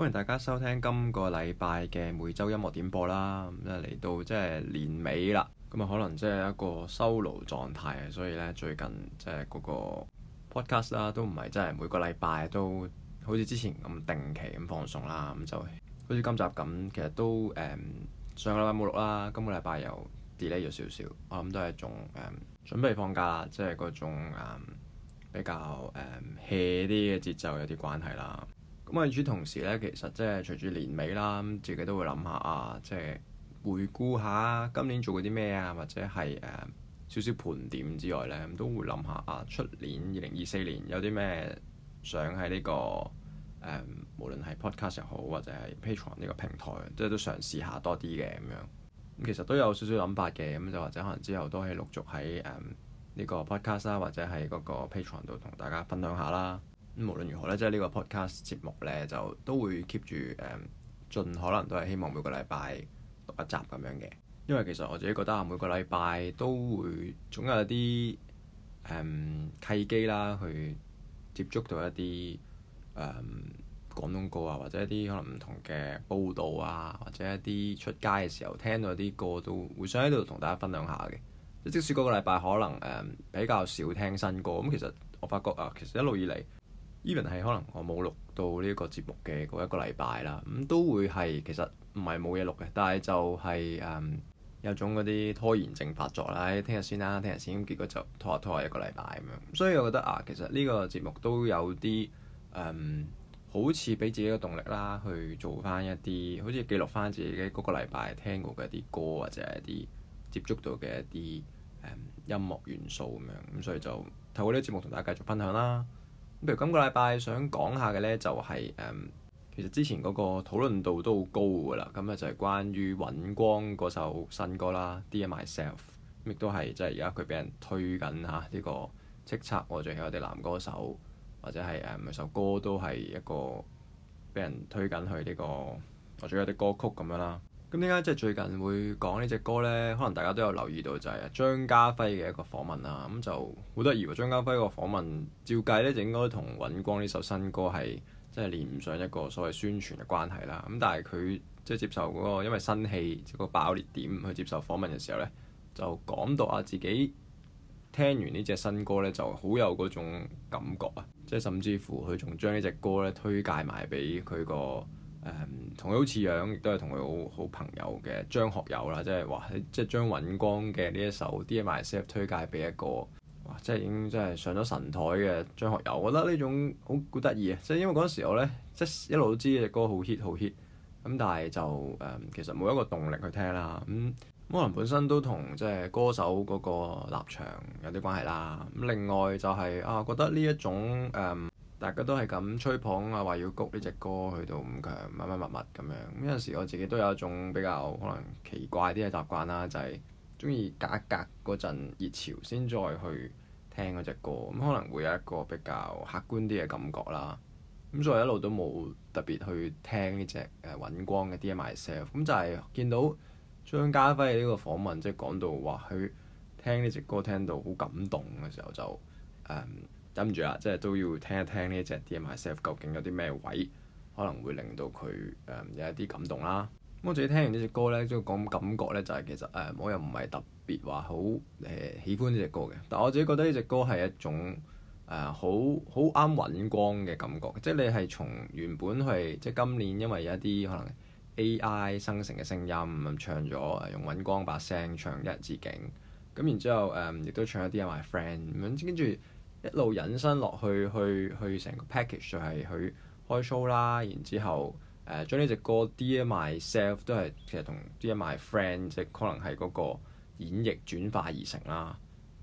歡迎大家收聽今個禮拜嘅每周音樂點播啦。咁即嚟到即係年尾啦，咁啊可能即係一個收爐狀態，所以呢，最近即係嗰個 podcast 啦，都唔係真係每個禮拜都好似之前咁定期咁放送啦。咁就好似今集咁，其實都誒、嗯、上個禮拜冇錄啦，今個禮拜又 delay 咗少少。我諗都係仲誒準備放假啦，即係嗰種、嗯、比較誒 hea 啲嘅節奏有啲關係啦。咁與此同時咧，其實即係隨住年尾啦，咁自己都會諗下啊，即係回顧下今年做過啲咩啊，或者係誒少少盤點之外咧，咁都會諗下啊，出年二零二四年有啲咩想喺呢個誒，無論係 Podcast 又好或者係 Patreon 呢個平台，即係都嘗試下多啲嘅咁樣。咁其實都有少少諗法嘅，咁就或者可能之後都係陸續喺誒呢個 Podcast 啊，或者喺嗰個 Patreon 度同大家分享下啦。咁，無論如何咧，即係呢個 podcast 節目呢，就都會 keep 住誒，盡可能都係希望每個禮拜讀一集咁樣嘅。因為其實我自己覺得啊，每個禮拜都會總有一啲、嗯、契機啦，去接觸到一啲誒、嗯、廣東歌啊，或者一啲可能唔同嘅報導啊，或者一啲出街嘅時候聽到啲歌，都會想喺度同大家分享下嘅。即使嗰個禮拜可能、嗯、比較少聽新歌，咁其實我發覺啊，其實一路以嚟。Even 係可能我冇錄到呢個節目嘅嗰一個禮拜啦，咁都會係其實唔係冇嘢錄嘅，但係就係、是、誒、嗯、有種嗰啲拖延症發作啦，聽日先啦、啊，聽日先，咁結果就拖下拖下一個禮拜咁樣，所以我覺得啊，其實呢個節目都有啲誒、嗯，好似俾自己嘅動力啦，去做翻一啲，好似記錄翻自己嗰個禮拜聽過嘅一啲歌或者係一啲接觸到嘅一啲誒、嗯、音樂元素咁樣，咁所以就透過呢個節目同大家繼續分享啦。不如今個禮拜想講下嘅呢、就是，就係誒，其實之前嗰個討論度都好高㗎啦。咁、嗯、啊，就係、是、關於尹光嗰首新歌啦，Dear《Dear、嗯、Myself》，咁亦都係即係而家佢俾人推緊吓呢個叱咤、嗯這個，我最喜愛男歌手或者係誒，每首歌都係一個俾人推緊去呢個我最喜愛歌曲咁樣啦。咁點解即係最近會講呢隻歌呢？可能大家都有留意到就係張家輝嘅一個訪問啦、啊。咁就好得意喎，張家輝個訪問照計呢，就應該同尹光呢首新歌係即係連唔上一個所謂宣傳嘅關係啦。咁但係佢即係接受嗰、那個因為新戲、就是、個爆裂點去接受訪問嘅時候呢，就講到啊自己聽完呢隻新歌呢，就好有嗰種感覺啊！即、就、係、是、甚至乎佢仲將呢隻歌咧推介埋俾佢個。誒同佢好似樣，亦都係同佢好好朋友嘅張學友啦，即係哇！即係尹光嘅呢一首《Dear Myself》推介俾一個哇！即係已經即係上咗神台嘅張學友，我覺得呢種好古得意啊！即係因為嗰陣時候呢，即係一路都知隻歌好 hit 好 hit，咁但係就誒、嗯、其實冇一個動力去聽啦。咁可能本身都同即係歌手嗰個立場有啲關係啦。咁、嗯、另外就係、是、啊，覺得呢一種誒。嗯大家都係咁吹捧啊，話要谷呢隻歌去到咁強，乜乜物物咁樣。有陣時我自己都有一種比較可能奇怪啲嘅習慣啦，就係中意隔一隔嗰陣熱潮先再去聽嗰隻歌，咁可能會有一個比較客觀啲嘅感覺啦。咁所以一路都冇特別去聽呢隻誒尹光嘅《Dear Myself》。咁就係見到張家輝呢個訪問，即係講到話佢聽呢隻歌聽到好感動嘅時候就誒。嗯忍唔住啦，即係都要聽一聽呢一隻《Dear Myself》究竟有啲咩位可能會令到佢誒、嗯、有一啲感動啦。咁我自己聽完呢隻歌咧，即係講感覺咧、就是，就係其實誒、嗯、我又唔係特別話好誒喜歡呢隻歌嘅，但我自己覺得呢隻歌係一種誒好好啱尹光嘅感覺，即係你係從原本係即係今年因為有一啲可能 A.I. 生成嘅聲，聲音唱咗用尹光把聲唱《一枝景》然後，咁然之後誒亦都唱一啲《My Friend》咁樣，跟住。一路引申落去，去去成個 package 就係去開 show 啦，然之後誒將呢隻歌 Dear Myself 都係其實同 Dear My Friend 即可能係嗰個演繹轉化而成啦。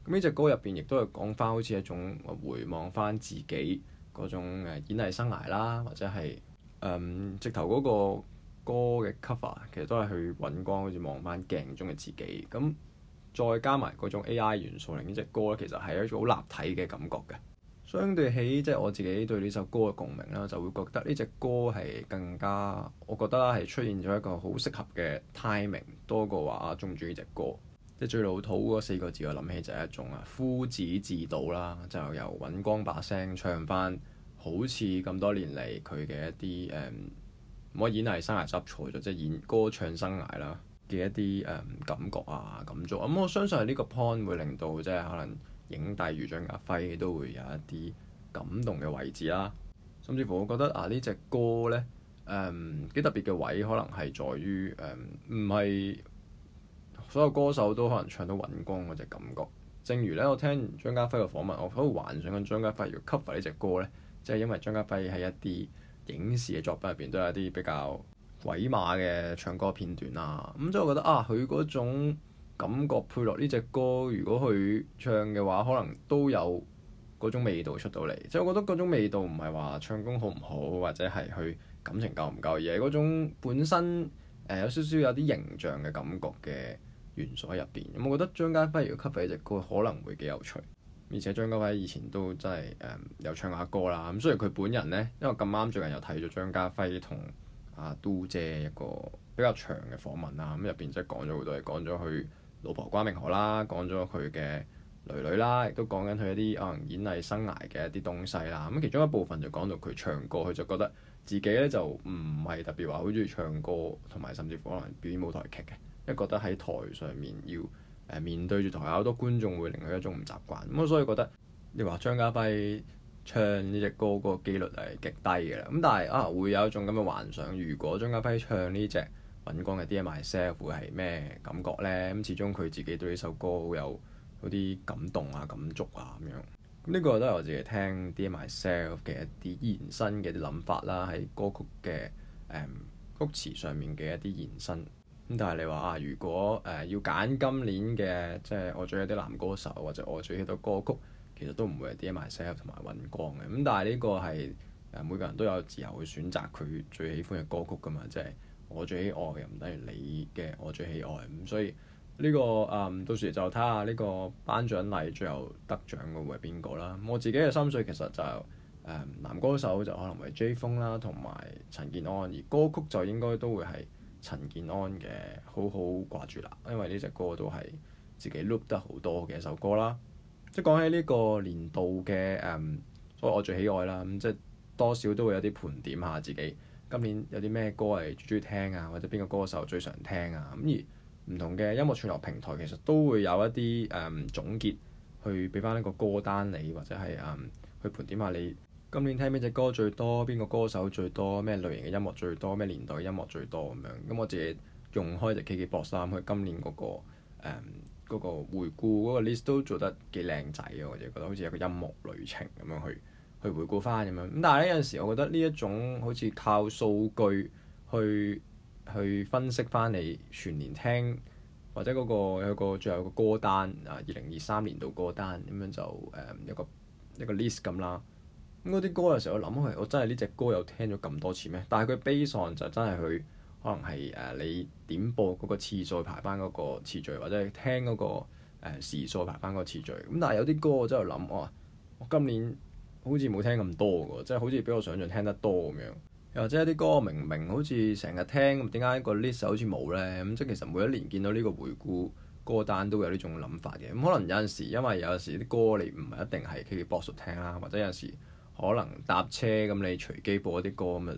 咁呢隻歌入邊亦都係講翻好似一種回望翻自己嗰種演藝生涯啦，或者係、呃、直頭嗰個歌嘅 cover，其實都係去揾光，好似望翻鏡中嘅自己咁。嗯。再加埋嗰種 A.I. 元素，令呢隻歌咧其實係一種好立體嘅感覺嘅。相對起即係、就是、我自己對呢首歌嘅共鳴啦，就會覺得呢隻歌係更加，我覺得啦係出現咗一個好適合嘅 timing，多過話啊中唔中意隻歌。即係最老土嗰四個字，我諗起就係一種啊夫子自道啦，就由尹光把聲唱返，好似咁多年嚟佢嘅一啲誒，唔、嗯、可以演藝生涯執錯咗，即係演歌唱生涯啦。嘅一啲誒、嗯、感覺啊感觸。啊、嗯，咁我相信係呢個 point 會令到即係可能影帝如張家輝都會有一啲感動嘅位置啦。甚至乎我覺得啊呢隻歌呢，誒、嗯、幾特別嘅位，可能係在於誒唔係所有歌手都可能唱到尹光嗰隻感覺。正如呢，我聽張家輝嘅訪問，我好幻想緊張家輝要 cover 呢隻歌呢，即、就、係、是、因為張家輝喺一啲影視嘅作品入邊都有啲比較。鬼馬嘅唱歌片段啦、啊，咁、嗯、即所我覺得啊，佢嗰種感覺配落呢隻歌，如果佢唱嘅話，可能都有嗰種味道出到嚟。即、就、係、是、我覺得嗰種味道唔係話唱功好唔好，或者係佢感情夠唔夠，而係嗰種本身誒、呃、有少少有啲形象嘅感覺嘅元素喺入邊。咁、嗯、我覺得張家輝如果 cover 呢隻歌，可能會幾有趣。而且張家輝以前都真係誒、嗯、有唱下歌啦。咁、嗯、雖然佢本人呢，因為咁啱最近又睇咗張家輝同。啊都姐一個比較長嘅訪問啦，咁入邊即係講咗好多嘢，講咗佢老婆關詠荷啦，講咗佢嘅女女啦，亦都講緊佢一啲可能演藝生涯嘅一啲東西啦。咁、嗯、其中一部分就講到佢唱歌，佢就覺得自己咧就唔係特別話好鍾意唱歌，同埋甚至乎可能表演舞台劇嘅，因為覺得喺台上面要誒面對住台下好多觀眾會令佢一種唔習慣。咁、嗯、啊，所以覺得你話張家輝唱呢隻歌個機率係極低嘅啦，咁但係啊會有一種咁嘅幻想，如果張家輝唱呢隻《尹光嘅 Dear Myself》會係咩感覺呢？咁始終佢自己對呢首歌好有啲感動啊、感觸啊咁樣。呢個都係我自己聽 Dear Myself 嘅一啲延伸嘅諗法啦，喺歌曲嘅誒、嗯、曲詞上面嘅一啲延伸。咁、嗯、但係你話啊，如果誒、呃、要揀今年嘅，即、就、係、是、我最中意啲男歌手或者我最中意啲歌曲。其實都唔會係 Dear Myself 同埋尹光嘅，咁但係呢個係誒每個人都有自由去選擇佢最喜歡嘅歌曲噶嘛，即係我最喜愛嘅，唔等於你嘅我最喜愛，咁所以呢、這個誒、嗯、到時就睇下呢個頒獎禮最後得獎嘅會係邊個啦。我自己嘅心水其實就誒、是嗯、男歌手就可能係 J 風啦，同埋陳健安，而歌曲就應該都會係陳健安嘅好好掛住啦，因為呢隻歌都係自己 loop 得好多嘅一首歌啦。即係講起呢個年度嘅誒、嗯，所以我最喜愛啦。咁即係多少都會有啲盤點下自己，今年有啲咩歌係最中意聽啊，或者邊個歌手最常聽啊？咁而唔同嘅音樂串流平台其實都會有一啲誒、嗯、總結，去俾翻一個歌單你，或者係誒、嗯、去盤點下你今年聽邊隻歌最多，邊個歌手最多，咩類型嘅音樂最多，咩年代音樂最多咁樣。咁、嗯、我自己用開隻 KKBOX，去今年嗰、那個、嗯嗰個回顧嗰個 list 都做得幾靚仔啊！我哋覺得好似一個音樂旅程咁樣去去回顧翻咁樣。咁但係咧有陣時，我覺得呢一種好似靠數據去去分析翻你全年聽或者嗰個有個最後個歌單啊，二零二三年度歌單咁樣就誒、嗯、一個一個 list 咁啦。咁嗰啲歌有時候我諗啊，我真係呢隻歌又聽咗咁多次咩？但係佢悲傷就真係去。可能係誒你點播嗰個次數排班嗰個次序，或者係聽嗰個誒時數排班嗰個次序。咁但係有啲歌我真係諗，我今年好似冇聽咁多㗎，即、就、係、是、好似比我想像聽得多咁樣。又或者一啲歌明明好似成日聽，咁點解個 list 好似冇咧？咁、嗯、即係其實每一年見到呢個回顧歌單都有呢種諗法嘅。咁、嗯、可能有陣時因為有時啲歌你唔係一定係 KKBOX 聽啦，或者有陣時可能搭車咁你隨機播一啲歌咁咪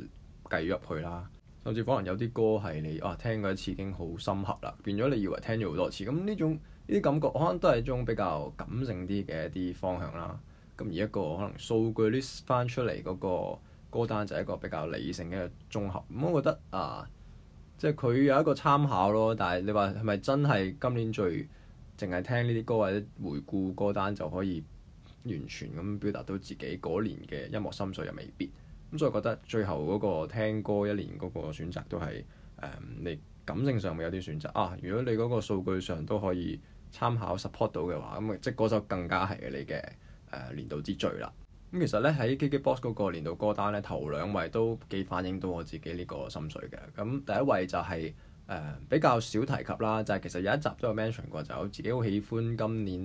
計咗入去啦。甚至可能有啲歌係你啊聽過一次已經好深刻啦，變咗你以為聽咗好多次，咁呢種呢啲感覺可能都係一種比較感性啲嘅一啲方向啦。咁而一個可能數據 list 翻出嚟嗰個歌單就係一個比較理性嘅綜合。咁我覺得啊，即係佢有一個參考咯。但係你話係咪真係今年最淨係聽呢啲歌或者回顧歌單就可以完全咁表達到自己嗰年嘅音樂心水又未必。咁所以覺得最後嗰個聽歌一年嗰個選擇都係誒、嗯、你感性上會有啲選擇啊！如果你嗰個數據上都可以參考 support 到嘅話，咁即係首更加係你嘅誒、呃、年度之最啦。咁、嗯、其實咧喺 KKBOX 嗰個年度歌單咧，頭兩位都幾反映到我自己呢個心水嘅。咁第一位就係、是、誒、呃、比較少提及啦，就係、是、其實有一集都有 mention 過，就我自己好喜歡今年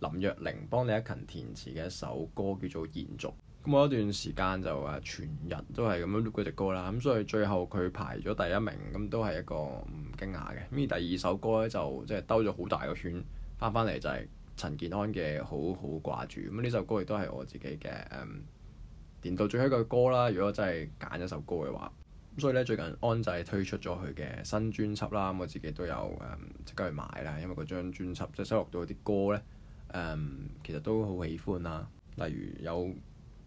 林若寧幫李克勤填詞嘅一首歌叫做《延續》。咁有一段時間就誒、啊，全日都係咁樣 loop 嗰隻歌啦。咁、啊、所以最後佢排咗第一名，咁、啊、都係一個唔驚訝嘅。咁而第二首歌咧就即係兜咗好大個圈，翻翻嚟就係陳健安嘅《好好掛住》。咁、啊、呢首歌亦都係我自己嘅誒年度最最喜嘅歌啦。如果真係揀一首歌嘅話，咁、啊、所以咧最近安仔推出咗佢嘅新專輯啦，咁、啊啊、我自己都有誒即、嗯、刻去買啦，因為嗰張專輯即係、就是、收錄到啲歌咧誒、嗯，其實都好喜歡啊。例如有。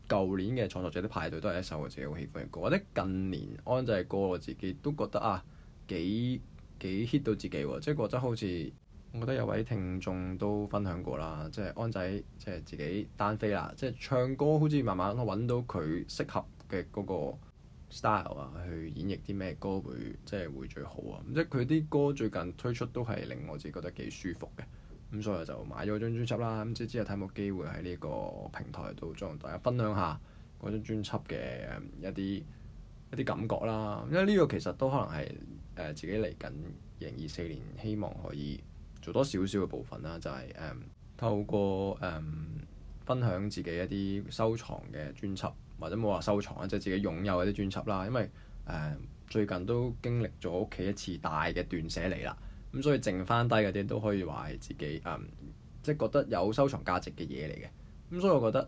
舊年嘅創作者啲派對都係一首我自己好喜歡嘅歌，或者近年安仔嘅歌我自己都覺得啊幾幾 hit 到自己，即係覺得好似我覺得有位聽眾都分享過啦，即係安仔即係自己單飛啦，即係唱歌好似慢慢揾到佢適合嘅嗰個 style 啊，去演繹啲咩歌會即係會最好啊！即係佢啲歌最近推出都係令我自己覺得幾舒服嘅。咁所以就買咗張專輯啦，咁即係之後睇冇機會喺呢個平台度，將大家分享下嗰張專輯嘅、嗯、一啲一啲感覺啦。因為呢個其實都可能係誒、呃、自己嚟緊二零二四年，希望可以做多少少嘅部分啦，就係、是、誒、嗯、透過誒、嗯、分享自己一啲收藏嘅專輯，或者冇話收藏啊，即、就、係、是、自己擁有嘅啲專輯啦。因為誒、嗯、最近都經歷咗屋企一次大嘅斷捨離啦。咁、嗯、所以剩翻低嗰啲都可以話係自己誒、嗯，即係覺得有收藏價值嘅嘢嚟嘅。咁、嗯、所以我覺得誒，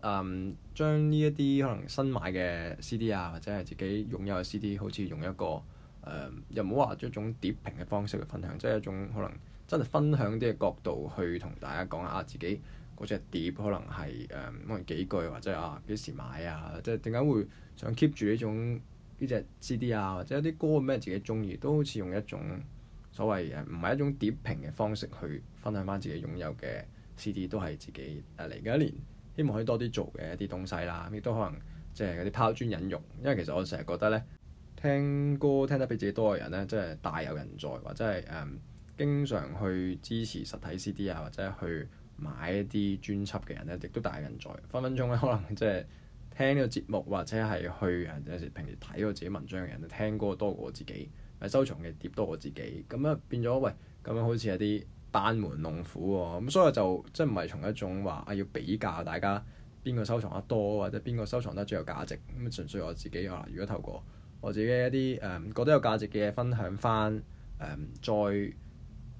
將呢一啲可能新買嘅 CD 啊，或者係自己擁有嘅 CD，好似用一個，誒、嗯，又唔好話一種碟評，嘅方式去分享，即係一種可能真係分享啲嘅角度去同大家講下自己嗰隻碟可能係，誒、嗯，可能幾句或者啊幾時買啊，即係點解會想 keep 住呢種呢隻 CD 啊，或者一啲歌咩自己中意，都好似用一種。所謂，誒，唔係一種碟評嘅方式去分享翻自己擁有嘅 CD，都係自己誒，嚟緊一年希望可以多啲做嘅一啲東西啦。亦都可能即係嗰啲拋磚引玉，因為其實我成日覺得呢，聽歌聽得比自己多嘅人呢，真係大有人在，或者係誒、嗯、經常去支持實體 CD 啊，或者去買一啲專輯嘅人呢，亦都大有人在。分分鐘呢，可能即係聽呢個節目，或者係去誒有時平時睇過自己文章嘅人，聽歌多過自己。誒收藏嘅碟多我自己，咁啊變咗，喂，咁樣好似係啲班門弄斧喎、啊，咁所以就即係唔係從一種話啊要比較大家邊個收藏得多或者邊個收藏得最有價值，咁純粹我自己話，如果透過我自己一啲誒、嗯、覺得有價值嘅嘢分享返，誒、嗯、再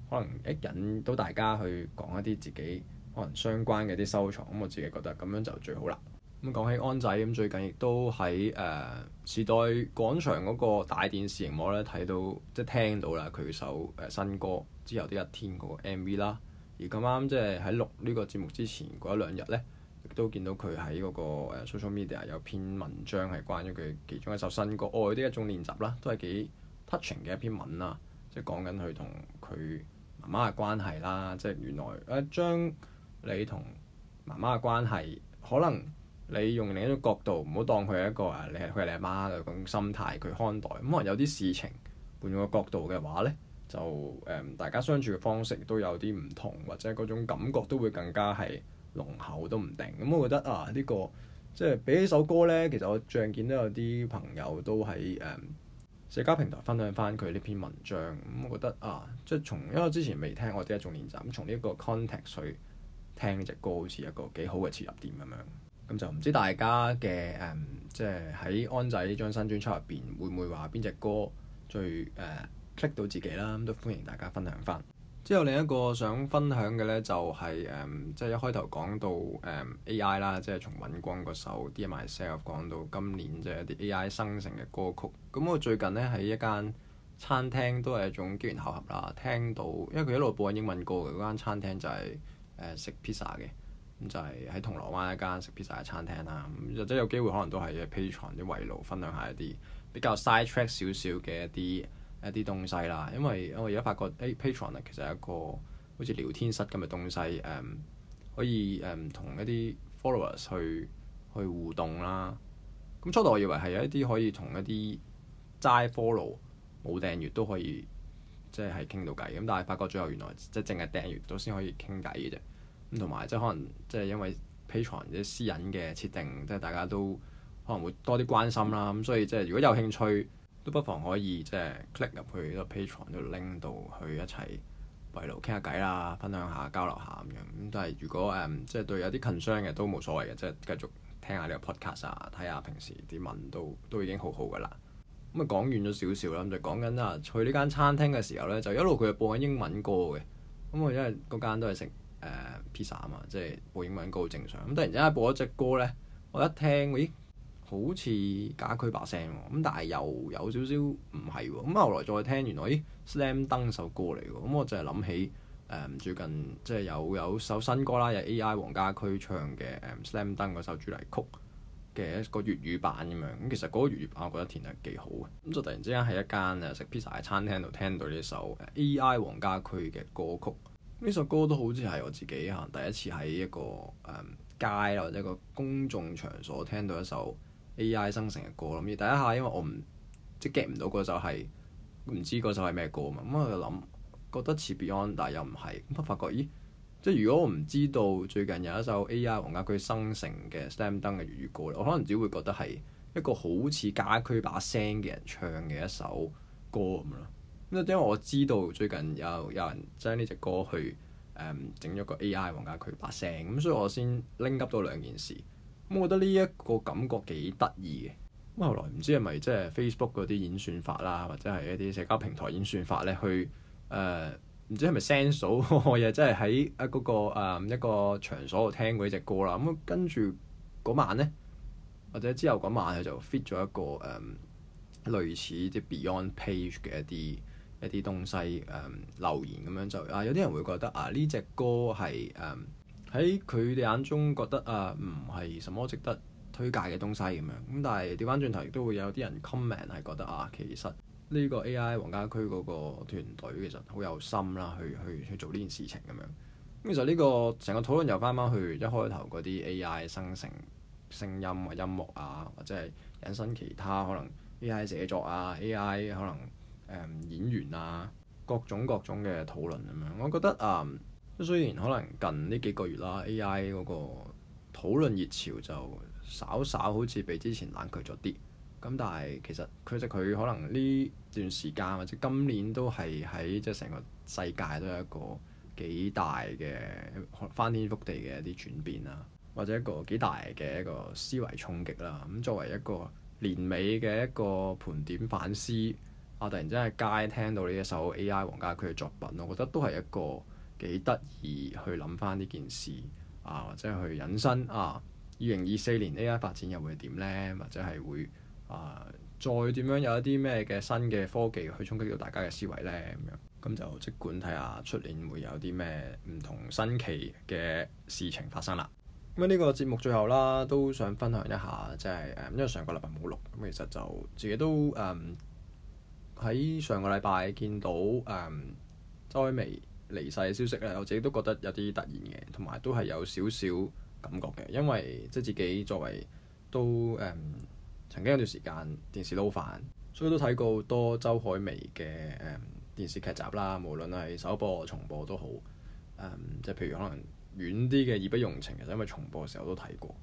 可能一引到大家去講一啲自己可能相關嘅啲收藏，咁、嗯、我自己覺得咁樣就最好啦。咁講起安仔咁，最近亦都喺誒。呃時代廣場嗰個大電視熒幕咧，睇到即係聽到啦佢首誒新歌之後的一天嗰個 MV 啦。而咁啱即係喺錄呢個節目之前嗰一兩日咧，都見到佢喺嗰個 Social Media 有篇文章係關於佢其中一首新歌《愛、哦、的一種練習》啦，都係幾 touching 嘅一篇文啦、啊。即係講緊佢同佢媽媽嘅關係啦。即係原來誒、呃、將你同媽媽嘅關係可能。你用另一種角度，唔好當佢係一個啊。你係佢係你阿媽嘅咁心態，去看待咁、嗯、可能有啲事情換咗個角度嘅話呢，就誒、嗯、大家相處嘅方式都有啲唔同，或者嗰種感覺都會更加係濃厚都唔定。咁、嗯、我覺得啊，呢個即係比起首歌呢，其實我最近見到有啲朋友都喺誒、嗯、社交平台分享翻佢呢篇文章咁、嗯，我覺得啊，即係從因為之前未聽我哋一種練習咁，從呢一個 context 去聽呢隻歌，好似一個幾好嘅切入點咁樣。咁就唔知大家嘅誒，即係喺安仔呢張新專輯入邊，會唔會話邊隻歌最誒、呃、click 到自己啦？都歡迎大家分享翻。之後另一個想分享嘅呢，就係、是、誒，即、嗯、係、就是、一開頭講到誒、嗯、AI 啦，即、就、係、是、從尹光個首《Dear Myself》講到今年即係一啲 AI 生成嘅歌曲。咁、嗯、我最近呢，喺一間餐廳都係一種機緣巧合啦，聽到因為佢一路播緊英文歌嘅嗰間餐廳就係誒食 pizza 嘅。呃咁就係喺銅鑼灣一間食披薩嘅餐廳啦，咁或者有機會可能都係喺 Patreon 啲圍爐，分享下一啲比較 side track 少少嘅一啲一啲東西啦。因為我而家發覺誒、欸、Patreon 其實係一個好似聊天室咁嘅東西，誒、嗯、可以誒同、嗯、一啲 followers 去去互動啦。咁初度我以為係有一啲可以同一啲齋 follow 冇訂閲都可以即係傾到偈，咁但係發覺最後原來即係淨係訂閲咗先可以傾偈嘅啫。同埋、嗯、即係可能即係因為 Patreon 啲私隱嘅設定，即係大家都可能會多啲關心啦。咁、嗯、所以即係如果有興趣，都不妨可以即係 click 入去個 Patreon 嘅 link 度去一齊圍爐傾下偈啦，分享下交流下咁樣。咁但係如果誒、嗯、即係對有啲 concern 嘅都冇所謂嘅，即係繼續聽下呢個 podcast 啊，睇下平時啲文都都已經好好噶啦。咁、嗯、啊講遠咗少少啦，咁、嗯、就講緊啊去呢間餐廳嘅時候咧，就一路佢係播緊英文歌嘅。咁、嗯、我因為嗰間都係食。誒、uh, pizza 啊嘛，即係播英文歌好正常。咁突然之間播一隻歌咧，我一聽，咦，好似家駒把聲喎。咁但係又有少少唔係喎。咁後來再聽，原來咦，slam dunk 首歌嚟喎。咁我就係諗起誒、嗯、最近即係有有首新歌啦，有 AI 黃家駒唱嘅 slam dunk 首主題曲嘅一個粵語版咁樣。咁其實嗰個粵語版我覺得填得幾好嘅。咁就突然之間喺一間誒食 pizza 嘅餐廳度聽到呢首 AI 黃家駒嘅歌曲。呢首歌都好似係我自己行第一次喺一個誒、嗯、街或者一個公眾場所聽到一首 AI 生成嘅歌。諗住第一下因為我唔即係 get 唔到嗰首係唔知嗰首係咩歌嘛，咁我就諗覺得似 Beyond 但又唔係，咁發覺咦，即係如果我唔知道最近有一首 AI 黃家駒生成嘅 Slam Dunk 嘅粵語歌，我可能只會覺得係一個好似家駒把聲嘅人唱嘅一首歌咁咯。因為我知道最近有有人將呢隻歌去誒整咗個 AI 黃家駒把聲，咁、嗯、所以我先拎急多兩件事，咁、嗯、我覺得呢一個感覺幾得意嘅。咁、嗯、後來唔知係咪即係 Facebook 嗰啲演算法啦，或者係一啲社交平台演算法咧，去誒唔、呃、知係咪 sense 數，我亦即係喺一嗰個、呃、一個場所度聽過呢隻歌啦。咁、嗯、跟住嗰晚咧，或者之後嗰晚就 fit 咗一個誒、呃、類似啲 Beyond Page 嘅一啲。一啲東西誒、嗯、留言咁樣就啊有啲人會覺得啊呢隻歌係誒喺佢哋眼中覺得啊唔係什麼值得推介嘅東西咁樣咁、嗯，但係調翻轉頭亦都會有啲人 comment 係覺得啊其實呢個 AI 黃家駒嗰個團隊其實好有心啦，去去去做呢件事情咁樣咁、嗯。其實呢、呢個成個討論又翻翻去一開頭嗰啲 AI 生成聲,聲音或音樂啊，或者係引申其他可能 AI 寫作啊，AI 可能。嗯、演員啊，各種各種嘅討論咁、啊、樣，我覺得啊、嗯，雖然可能近呢幾個月啦、啊、，A.I. 嗰個討論熱潮就稍稍好似比之前冷卻咗啲，咁但係其實佢實佢可能呢段時間或者今年都係喺即係成個世界都有一個幾大嘅翻天覆地嘅一啲轉變啦、啊，或者一個幾大嘅一個思維衝擊啦、啊。咁作為一個年尾嘅一個盤點反思。啊！突然之間喺街聽到呢一首 A.I. 黃家駒嘅作品，我覺得都係一個幾得意，去諗翻呢件事啊，或者去引申啊。二零二四年 A.I. 發展又會點呢？或者係會啊，再點樣有一啲咩嘅新嘅科技去衝擊到大家嘅思維呢？咁樣咁就即管睇下出年會有啲咩唔同新奇嘅事情發生啦。咁呢個節目最後啦，都想分享一下，即係誒，因為上個禮拜冇錄，咁其實就自己都誒，嗯喺上個禮拜見到誒、嗯、周海媚離世嘅消息咧，我自己都覺得有啲突然嘅，同埋都係有少少感覺嘅，因為即係自己作為都誒、嗯、曾經有段時間電視撈飯，所以都睇過多周海媚嘅誒電視劇集啦，無論係首播重播都好、嗯、即係譬如可能遠啲嘅《義不容情》，就係、因為重播嘅時候都睇過；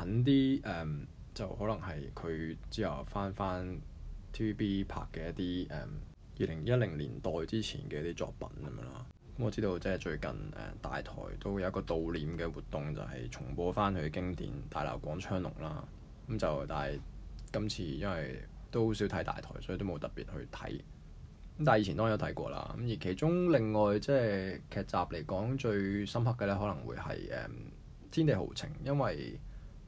近啲誒、嗯、就可能係佢之後翻翻。TVB 拍嘅一啲誒二零一零年代之前嘅一啲作品咁樣咯，咁我知道即係、就是、最近誒、uh, 大台都有一個悼念嘅活動，就係、是、重播翻佢嘅經典《大鬧廣昌隆》啦。咁就但係今次因為都好少睇大台，所以都冇特別去睇。咁但係以前當然有睇過啦。咁而其中另外即係、就是、劇集嚟講最深刻嘅咧，可能會係誒、um,《天地豪情》，因為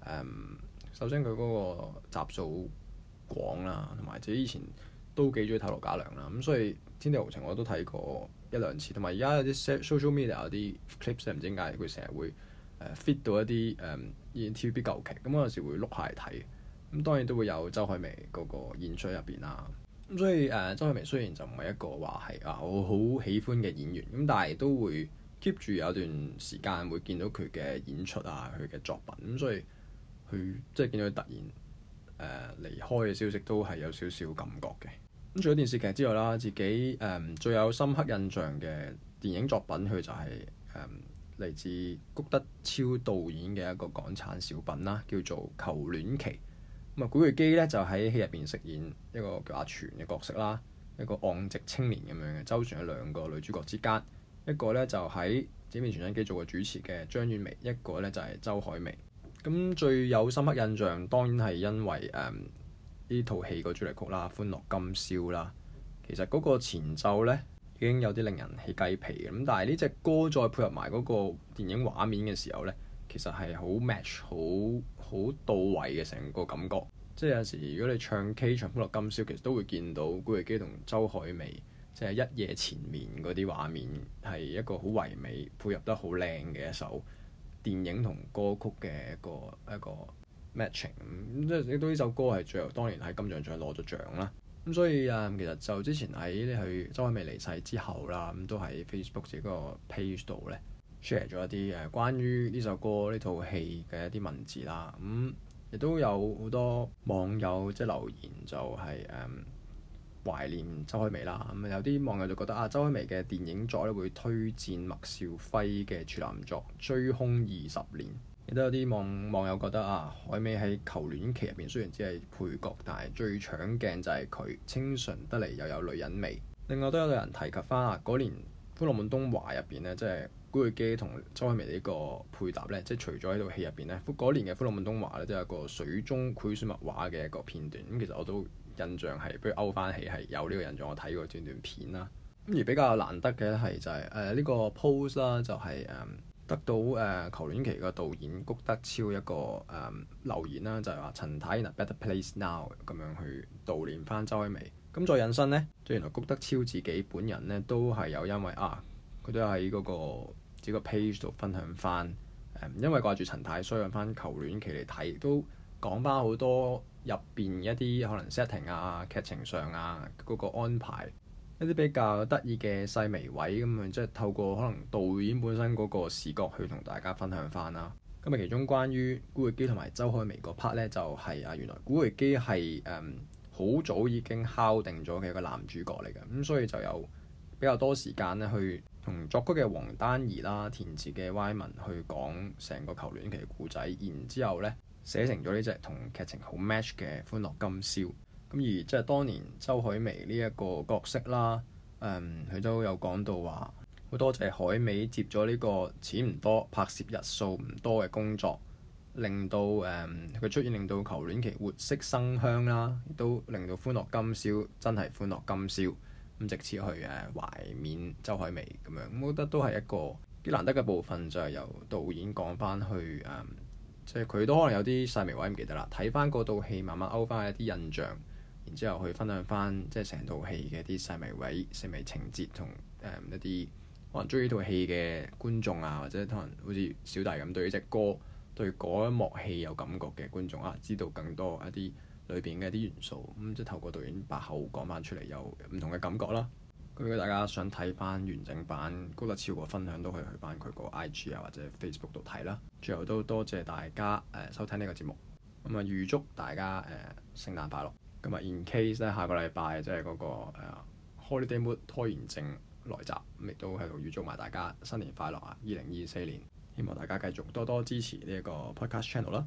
誒、um, 首先佢嗰個集數。廣啦、啊，同埋自己以前都幾中意睇羅嘉良啦，咁所以《天地豪情》我都睇過一兩次，同埋而家有啲 social media 有啲 clips，唔知點解佢成日會 fit、呃、到一啲誒、呃、TVB 舊劇，咁有時會碌下嚟睇，咁當然都會有周海媚嗰個演出入邊啦。咁所以誒、呃，周海媚雖然就唔係一個話係啊我好喜歡嘅演員，咁但係都會 keep 住有段時間會見到佢嘅演出啊，佢嘅作品，咁所以佢即係見到佢突然。誒離開嘅消息都係有少少感覺嘅。咁除咗電視劇之外啦，自己誒、嗯、最有深刻印象嘅電影作品，佢就係誒嚟自谷德昭導演嘅一個港產小品啦，叫做《求戀期》。咁啊，古巨基呢就喺戲入邊飾演一個叫阿全嘅角色啦，一個昂直青年咁樣嘅，周旋喺兩個女主角之間，一個呢就喺《紫面傳真機》做過主持嘅張婉薇，一個呢就係、是、周海媚。咁最有深刻印象當然係因為誒呢套戲個主題曲啦《歡樂今宵》啦，其實嗰個前奏呢，已經有啲令人起雞皮，咁但係呢隻歌再配合埋嗰個電影畫面嘅時候呢，其實係好 match 好好到位嘅成個感覺。即係有時如果你唱 K 唱《歡樂今宵》，其實都會見到古巨基同周海媚即係一夜纏綿嗰啲畫面，係一個好唯美、配合得好靚嘅一首。電影同歌曲嘅一個一個 matching，咁、嗯、即係亦都呢首歌係最後當年喺金像獎攞咗獎啦。咁、嗯、所以啊、嗯，其實就之前喺佢周海媚離世之後啦，咁、嗯、都喺 Facebook 嘅嗰個 page 度咧 share 咗一啲誒關於呢首歌呢套戲嘅一啲文字啦。咁、嗯、亦都有好多網友即係留言就係、係、誒。嗯懷念周海媚啦，咁、嗯、有啲網友就覺得啊，周海媚嘅電影作咧會推薦麥兆輝嘅處男作《追兇二十年》。亦都有啲網網友覺得啊，海媚喺求戀期入邊雖然只係配角，但係最搶鏡就係佢清純得嚟又有女人味。另外都有人提及翻啊，嗰年《歡樂滿東華》入邊呢，即係古巨基同周海媚呢個配搭呢，即係除咗喺套戲入邊呢，嗰年嘅《歡樂滿東華》呢，都有個水中繪水墨畫嘅一個片段。咁其實我都，印象係，不如勾翻起係有呢個印象，我睇過段段片啦。咁而比較難得嘅咧係就係誒呢個 post 啦、就是，就係誒得到誒、呃《求戀期》嘅導演谷德昭一個誒、嗯、留言啦，就係、是、話陳太 in a better place now 咁樣去悼念翻周海媚。咁再引申呢，即原來谷德昭自己本人呢，都係有因為啊，佢都喺嗰、那個自己、這個、page 度分享翻誒、嗯，因為掛住陳太，所以揾翻《求戀期》嚟睇，都講翻好多。入邊一啲可能 setting 啊、劇情上啊、嗰個安排，一啲比較得意嘅細微位咁啊，即係透過可能導演本身嗰個視角去同大家分享翻啦。今日其中關於古巨基同埋周海媚嗰 part 咧，就係啊，原來古巨基係誒好早已經敲定咗嘅一個男主角嚟嘅，咁所以就有比較多時間咧去同作曲嘅黃丹儀啦、填詞嘅 Wyman 去講成個求戀期嘅故仔，然之後咧。寫成咗呢隻同劇情好 match 嘅《歡樂今宵》，咁而即係當年周海媚呢一個角色啦，佢、嗯、都有講到話，好多謝海媚接咗呢個錢唔多、拍攝日數唔多嘅工作，令到誒佢、嗯、出現，令到求戀期活色生香啦，都令到《歡樂今宵》真係《歡樂今宵》，咁直接去誒懷緬周海媚咁樣，我覺得都係一個幾難得嘅部分，就係由導演講返去誒。嗯即係佢都可能有啲細微位唔記得啦，睇翻嗰套戲慢慢勾翻一啲印象，然之後去分享翻即係成套戲嘅啲細微位、細微情節同誒、嗯、一啲可能中意呢套戲嘅觀眾啊，或者可能好似小弟咁對呢隻歌、對嗰一幕戲有感覺嘅觀眾啊，知道更多一啲裏邊嘅一啲元素，咁、嗯、即係透過導演把口講翻出嚟，有唔同嘅感覺啦。如果大家想睇翻完整版，高立超嘅分享都可以去翻佢個 I G 啊或者 Facebook 度睇啦。最後都多謝大家誒、呃、收聽呢個節目，咁啊預祝大家誒、呃、聖誕快樂。咁啊，in case 咧下個禮拜即係嗰個、呃、Holiday Mood 拖延症來襲，亦都喺度預祝埋大家新年快樂啊！二零二四年，希望大家繼續多多支持呢一個 Podcast Channel 啦。